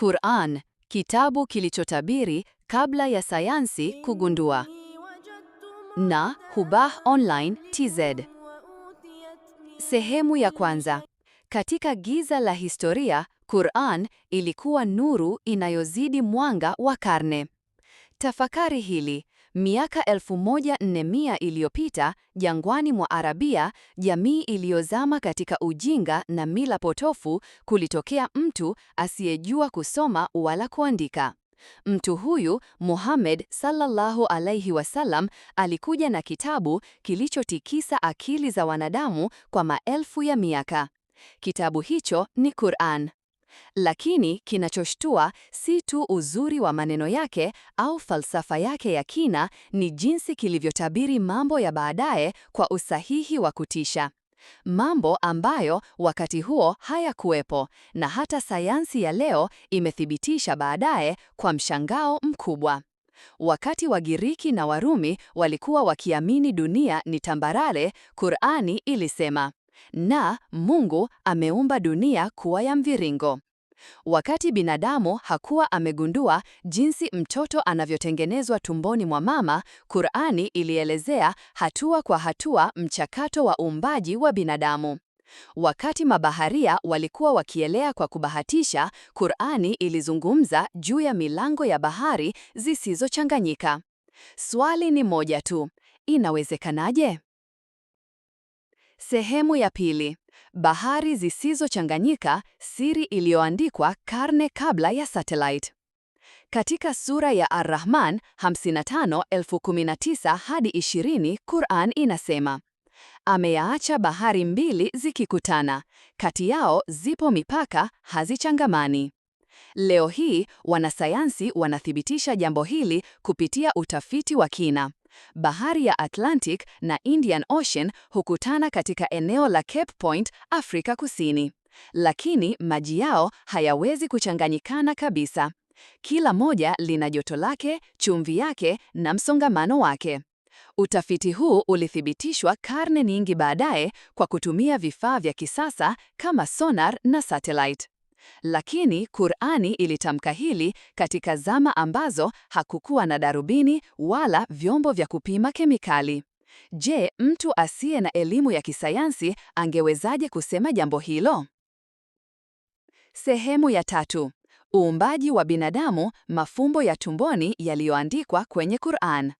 Qur'an, kitabu kilichotabiri kabla ya sayansi kugundua. Na Hubah Online TZ. Sehemu ya kwanza. Katika giza la historia, Qur'an ilikuwa nuru inayozidi mwanga wa karne. Tafakari hili, Miaka 1400 iliyopita, jangwani mwa Arabia, jamii iliyozama katika ujinga na mila potofu, kulitokea mtu asiyejua kusoma wala kuandika. Mtu huyu Muhammad sallallahu alaihi wasallam alikuja na kitabu kilichotikisa akili za wanadamu kwa maelfu ya miaka. Kitabu hicho ni Qur'an. Lakini kinachoshtua si tu uzuri wa maneno yake au falsafa yake ya kina, ni jinsi kilivyotabiri mambo ya baadaye kwa usahihi wa kutisha. Mambo ambayo wakati huo hayakuwepo na hata sayansi ya leo imethibitisha baadaye kwa mshangao mkubwa. Wakati Wagiriki na Warumi walikuwa wakiamini dunia ni tambarare, Qur'ani ilisema na Mungu ameumba dunia kuwa ya mviringo. Wakati binadamu hakuwa amegundua jinsi mtoto anavyotengenezwa tumboni mwa mama, Qur'ani ilielezea hatua kwa hatua mchakato wa uumbaji wa binadamu. Wakati mabaharia walikuwa wakielea kwa kubahatisha, Qur'ani ilizungumza juu ya milango ya bahari zisizochanganyika. Swali ni moja tu, inawezekanaje? Sehemu ya pili: bahari zisizochanganyika, siri iliyoandikwa karne kabla ya satellite. Katika sura ya Ar-Rahman 55:19 hadi 20, Qur'an inasema ameyaacha bahari mbili zikikutana, kati yao zipo mipaka, hazichangamani. Leo hii wanasayansi wanathibitisha jambo hili kupitia utafiti wa kina. Bahari ya Atlantic na Indian Ocean hukutana katika eneo la Cape Point, Afrika Kusini. Lakini maji yao hayawezi kuchanganyikana kabisa. Kila moja lina joto lake, chumvi yake na msongamano wake. Utafiti huu ulithibitishwa karne nyingi baadaye kwa kutumia vifaa vya kisasa kama sonar na satellite. Lakini Qur'ani ilitamka hili katika zama ambazo hakukuwa na darubini wala vyombo vya kupima kemikali. Je, mtu asiye na elimu ya kisayansi angewezaje kusema jambo hilo? Sehemu ya tatu: uumbaji wa binadamu, mafumbo ya tumboni yaliyoandikwa kwenye Qur'an.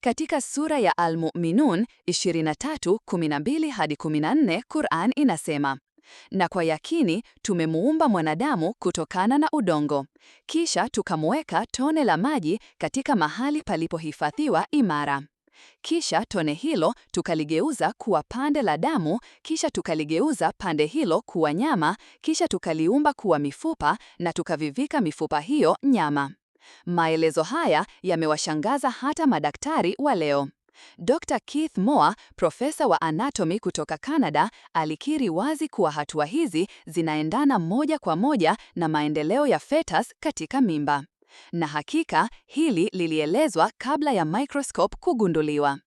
Katika sura ya Al-Mu'minun 23:12 hadi 14, Qur'an inasema na kwa yakini tumemuumba mwanadamu kutokana na udongo, kisha tukamweka tone la maji katika mahali palipohifadhiwa imara. Kisha tone hilo tukaligeuza kuwa pande la damu, kisha tukaligeuza pande hilo kuwa nyama, kisha tukaliumba kuwa mifupa na tukavivika mifupa hiyo nyama. Maelezo haya yamewashangaza hata madaktari wa leo. Dr. Keith Moore, profesa wa anatomy kutoka Canada, alikiri wazi kuwa hatua hizi zinaendana moja kwa moja na maendeleo ya fetus katika mimba. Na hakika hili lilielezwa kabla ya microscope kugunduliwa.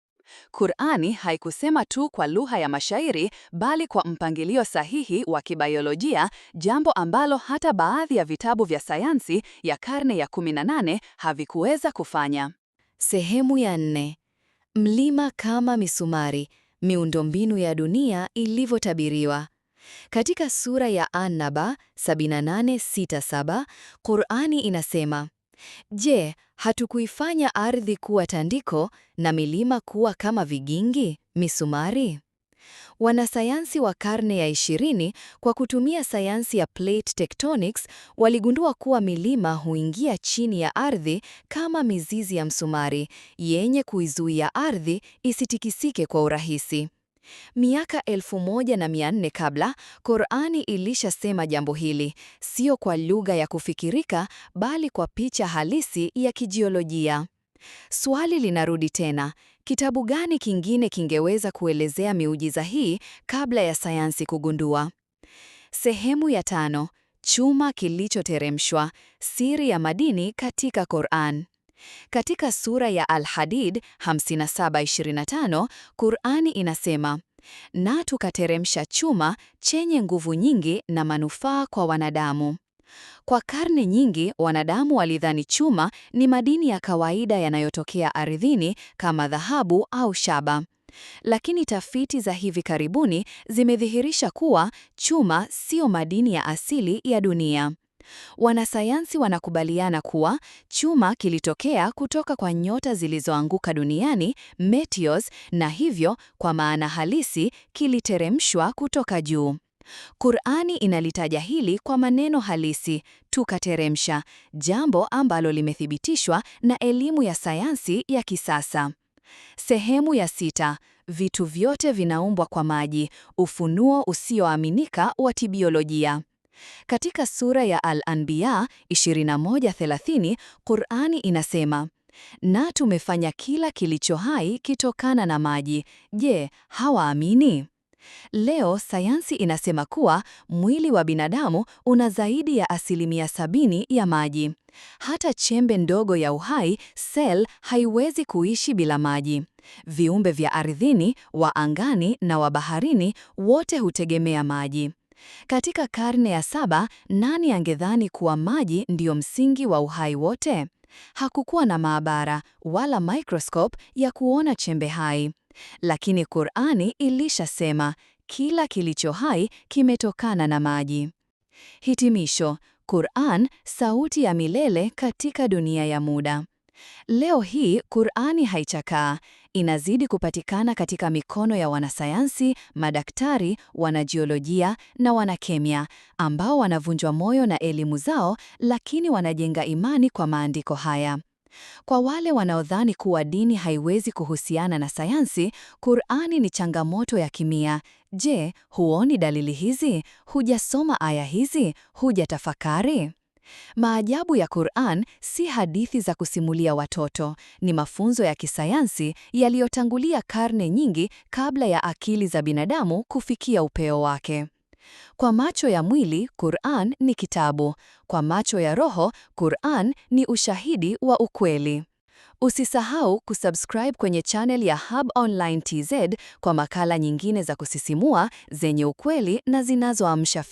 Qur'ani haikusema tu kwa lugha ya mashairi bali kwa mpangilio sahihi wa kibaiolojia jambo ambalo hata baadhi ya vitabu vya sayansi ya karne ya 18 havikuweza kufanya. Sehemu ya nne: Mlima kama misumari, miundombinu ya dunia ilivyotabiriwa. Katika sura ya An-Naba 78:67, Qur'ani inasema, "Je, hatukuifanya ardhi kuwa tandiko na milima kuwa kama vigingi, misumari?" Wanasayansi wa karne ya 20 kwa kutumia sayansi ya plate tectonics waligundua kuwa milima huingia chini ya ardhi kama mizizi ya msumari yenye kuizuia ardhi isitikisike kwa urahisi. Miaka elfu moja na mia nne kabla, Qur'ani ilishasema jambo hili, sio kwa lugha ya kufikirika bali kwa picha halisi ya kijiolojia. Swali linarudi tena, Kitabu gani kingine kingeweza kuelezea miujiza hii kabla ya sayansi kugundua? Sehemu ya tano: chuma kilichoteremshwa, siri ya madini katika Qur'an. Katika sura ya Al-Hadid 57:25, Qur'ani inasema, na tukateremsha chuma chenye nguvu nyingi na manufaa kwa wanadamu. Kwa karne nyingi, wanadamu walidhani chuma ni madini ya kawaida yanayotokea ardhini kama dhahabu au shaba. Lakini tafiti za hivi karibuni zimedhihirisha kuwa chuma sio madini ya asili ya dunia. Wanasayansi wanakubaliana kuwa chuma kilitokea kutoka kwa nyota zilizoanguka duniani, meteors, na hivyo kwa maana halisi kiliteremshwa kutoka juu. Qur'ani inalitaja hili kwa maneno halisi, tukateremsha, jambo ambalo limethibitishwa na elimu ya sayansi ya kisasa. Sehemu ya sita, vitu vyote vinaumbwa kwa maji, ufunuo usioaminika wa tibiolojia. Katika sura ya Al-Anbiya 21:30, Qur'ani inasema, na tumefanya kila kilicho hai kitokana na maji. Je, hawaamini? Leo sayansi inasema kuwa mwili wa binadamu una zaidi ya asilimia sabini ya maji. Hata chembe ndogo ya uhai sel haiwezi kuishi bila maji. Viumbe vya ardhini, wa angani na wa baharini wote hutegemea maji. Katika karne ya saba, nani angedhani kuwa maji ndiyo msingi wa uhai wote? Hakukuwa na maabara wala microscope ya kuona chembe hai. Lakini Qur'ani ilishasema kila kilicho hai kimetokana na maji. Hitimisho: Qur'an, sauti ya milele katika dunia ya muda. Leo hii Qur'ani haichakaa, inazidi kupatikana katika mikono ya wanasayansi, madaktari, wanajiolojia na wanakemia ambao wanavunjwa moyo na elimu zao, lakini wanajenga imani kwa maandiko haya. Kwa wale wanaodhani kuwa dini haiwezi kuhusiana na sayansi, Qur'ani ni changamoto ya kimia. Je, huoni dalili hizi? Hujasoma aya hizi? Hujatafakari? Maajabu ya Qur'an si hadithi za kusimulia watoto, ni mafunzo ya kisayansi yaliyotangulia karne nyingi kabla ya akili za binadamu kufikia upeo wake. Kwa macho ya mwili, Qur'an ni kitabu. Kwa macho ya roho, Qur'an ni ushahidi wa ukweli. Usisahau kusubscribe kwenye channel ya Hub Online TZ kwa makala nyingine za kusisimua zenye ukweli na zinazoamsha